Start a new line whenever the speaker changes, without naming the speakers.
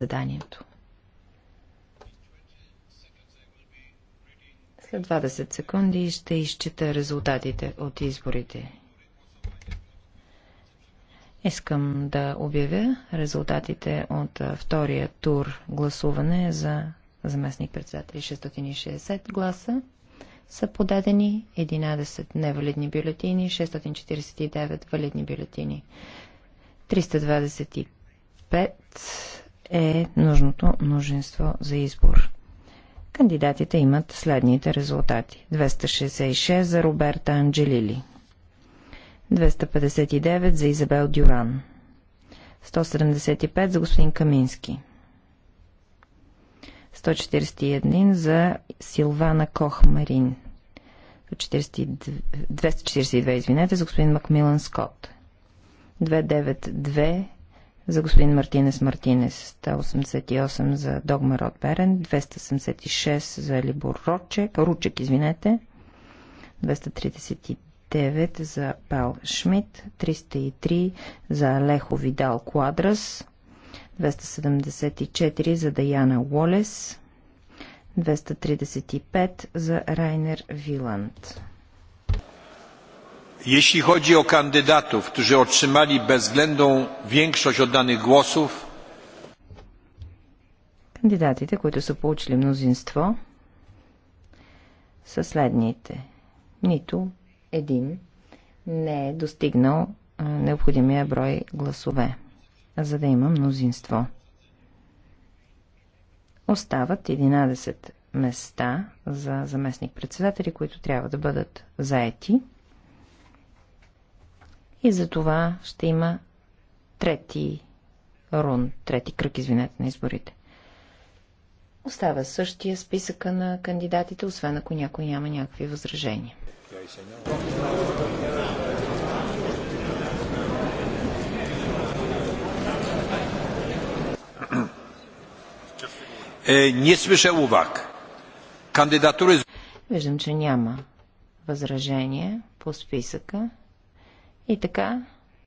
заданието. След 20 секунди ще изчита резултатите от изборите. Искам да обявя резултатите от втория тур гласуване за заместник председатели 660 гласа. Са подадени 11 невалидни бюлетини, 649 валидни бюлетини, 325 е нужното множество за избор. Кандидатите имат следните резултати. 266 за Роберта Анджелили. 259 за Изабел Дюран. 175 за господин Камински. 141 за Силвана Кохмарин. 242, извинете, за господин Макмилан Скот. 292 за господин Мартинес Мартинес, 188 за Догма Род Берен, 276 за Либор Рочек, Ручек, извинете, 239 за Пал Шмидт, 303 за Лехо Видал Квадрас, 274 за Даяна Уолес, 235 за Райнер Виланд. Jeśli chodzi o kandydatów, którzy otrzymali bezwzględną większość oddanych głosów, Кандидатите, които са получили мнозинство, са следните. Нито един не е достигнал необходимия брой гласове, за да има мнозинство. Остават 11 места за заместник-председатели, които трябва да бъдат заети – и за това ще има трети рун, трети кръг, извинете, на изборите. Остава същия списъка на кандидатите, освен ако някой няма някакви възражения. Nie е, słyszę uwag. Кандидатури... Виждам, че няма възражение по списъка. И така,